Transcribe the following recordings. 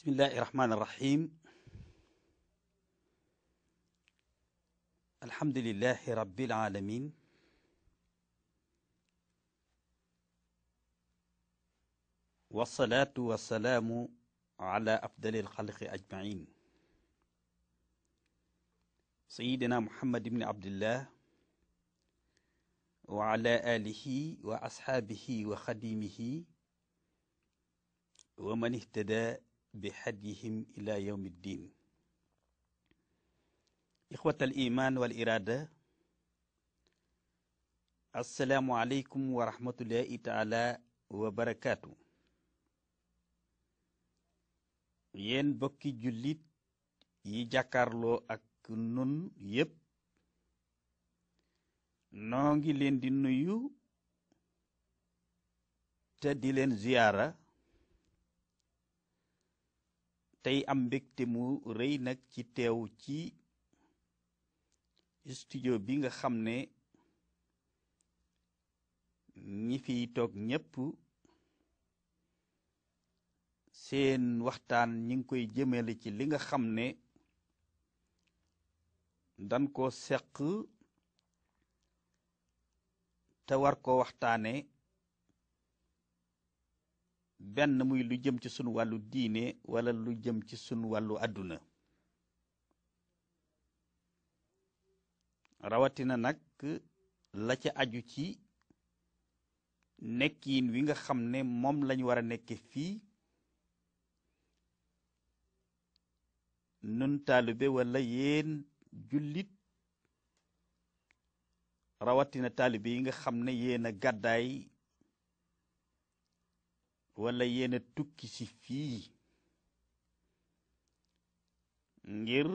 bismillahi irrahmani irrahim alhamdulilahi rabbil alamin wasalaatu wasalaamu ala afdali alxalqi ajmain sayidina muhammad ibni abdillah wa ala alihi wa asxaabihi wa xadimihi wa man ihtada bi hadyihim ila yawmi ddin ixwat al iman wal irada assalaamu wa rahmatullahi taala bokki jullit yi jàkkarloo ak nun yépp noo ngi leen di nuyu te di leen ziyaara tey am mbegte mu rëy nag ci teew ci studio bi nga xam ne ñi fiy toog ñépp seen waxtaan ñi koy jëmale ci li nga xam ne dan ko seq te war ko waxtaane benn muy lu jëm ci sunu wàllu diine walla lu jëm ci sunu wàllu àdduna rawatina nag la ca aju ci nekkiin wi nga xam ne moom lañu war a nekke fii nun taalibe wala yéen jullit rawatina taalibe yi nga xam ne yéen a gàddaay wala yéen a tukki ci fii ngir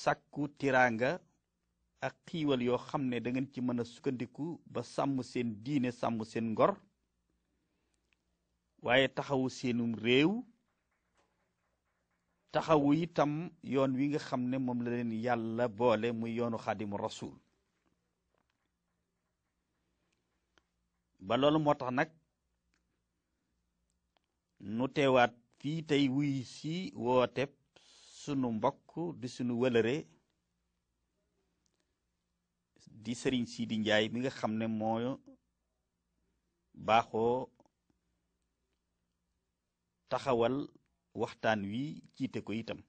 sàkku tiraanga ak xiiwal yoo xam ne dangeen ci mën a sukkandiku ba sàmm seen diine sàmm seen ngor waaye taxawu seenum réew taxawu itam yoon wi nga xam ne moom la leen yàlla boole mu yoonu xaadimu rasul ba loolu moo tax nag nu teewaat fii tey wuy si wooteb sunu mbokk di sunu wëlëre di sëriñ Sidi Njaay mi nga xam ne moo baaxoo taxawal waxtaan wi jiite ko itam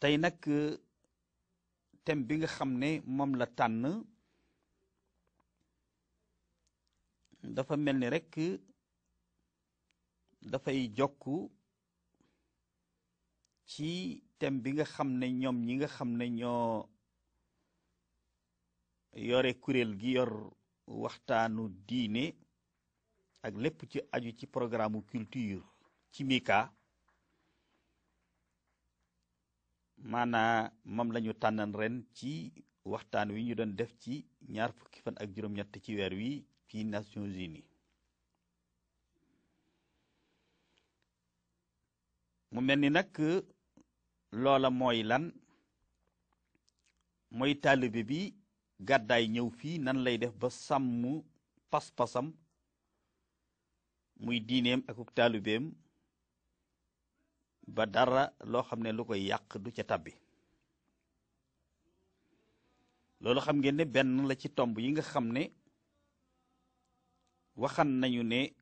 tey nag tem bi nga xam ne moom la tànn dafa mel ni rek dafay jokk ci thème bi nga xam ne ñoom ñi nga xam ne ñoo yore kuréel gi yor waxtaanu diine ak lépp ci aju ci programme culture ci miika maanaa mam lañu tànnan ren ci waxtaan wi ñu doon def ci ñaar fukki fan ak juróom-ñett ci weer wi ci Nations mu mel ni nag loola mooy lan mooy taalibe bi gàddaay ñëw fii nan lay def ba sàmm pas-pasam muy diineem akuk taalibeem ba dara loo xam ne lu koy yàq du ca tabbi loolu xam ngeen ne benn la ci tomb yi nga xam ne waxan nañu ne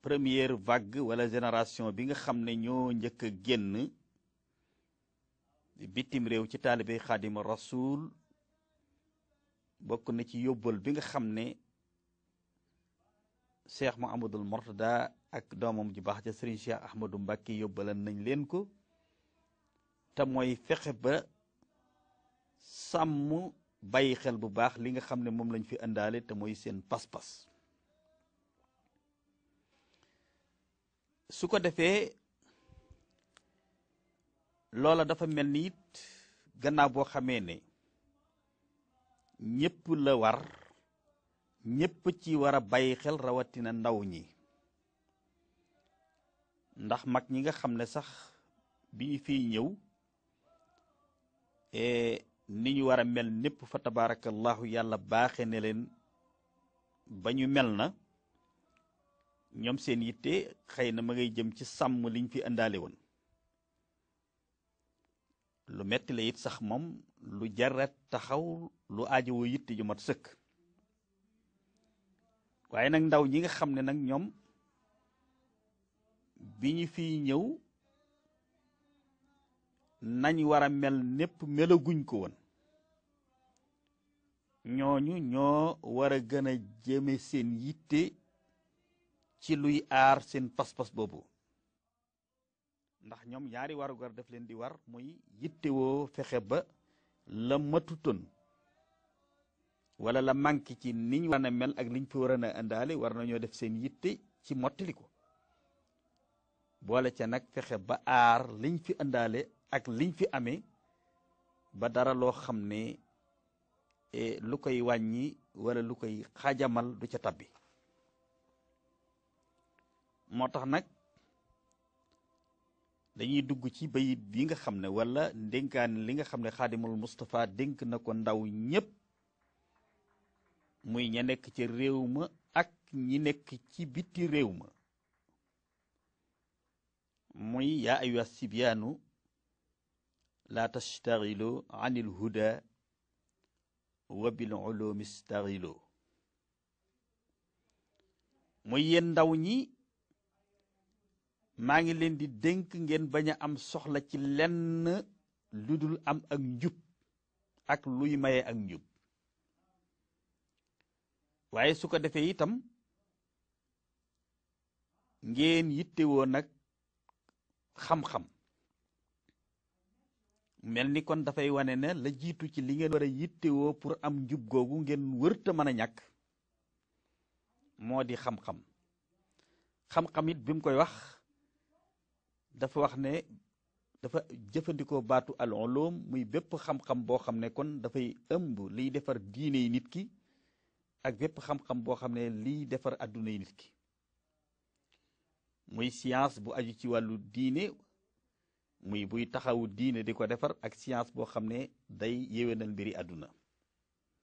première vague wala génération bi nga xam ne ñoo njëkk a génn bitim réew ci taalibe xaadima rasul bokk na ci yóbbal bi nga xam ne cheikh Muhammadul Mortada ak doomam ju baax ca sëriñ cheikh Ahmadou Mbacke yóbbalan nañ leen ko te mooy fexe ba sàmm bàyyi xel bu baax li nga xam ne moom lañu fi indaale te mooy seen pas-pas su ko defee loola dafa mel ni it gannaaw boo xamee ne ñépp la war ñépp ci war a bàyyi xel rawatina ndaw ñi ndax mag ñi nga xam ne sax bi ñu fii ñëw eh, ni ñu war a mel népp fa tabaarakallahu yàlla baaxe ne leen ba ñu mel na ñoom seen yitte xëy na ma ngay jëm ci sàmm liñ fi indaale woon lu metti la it sax moom lu jarat taxaw lu aajowoo yitte ju mat sëkk waaye nag ndaw ñi nga xam ne nag ñoom bi ñu fiy ñëw nañ war a mel népp melaguñ ko woon ñooñu ñoo war a gën a jëme seen yitte ci luy aar seen pas-pas boobu ndax ñoom ñaari warugar daf leen di war mooy yittewoo fexe ba la matutoon wala la manqué ci niñ war a mel ak liñ fi war a indaale war nañoo def seen yitte ci mottali ko boole ca nag fexe ba aar liñ fi indaale ak liñ fi amee ba dara loo xam ne E lu koy wàññi wala lu koy xajamal du ca tabbi moo tax nag dañuy dugg ci bayit bi nga xam ne wala ndénkaan li nga xam ne xaadimul Moustapha dénk na ko ndaw ñépp muy ña nekk ca réew ma ak ñi nekk ci biti réew ma muy yaa ayyuha sibyaanu laa tashtaxilu anil huda wa bil ulumi staxilu ndaw ñi maa ngi leen di dénk ngeen bañ a am soxla ci lenn lu dul am ak njub ak luy maye ak njub waaye su ko defee itam ngeen yittewoo nag xam-xam mel ni kon dafay wane ne la jiitu ci li ngeen war a yittewoo pour am njub googu ngeen wërta mën a ñàkk moo di xam-xam xam-xam it bi mu koy wax dafa wax ne dafa jëfandikoo baatu al muy bépp xam-xam boo xam ne kon dafay ëmb liy defar diine yi nit ki ak bépp xam-xam boo xam ne liy defar adduna yi nit ki muy science bu aju ci wàllu diine muy buy taxawu diine di ko defar ak science boo xam ne day yéwénal mbiri àdduna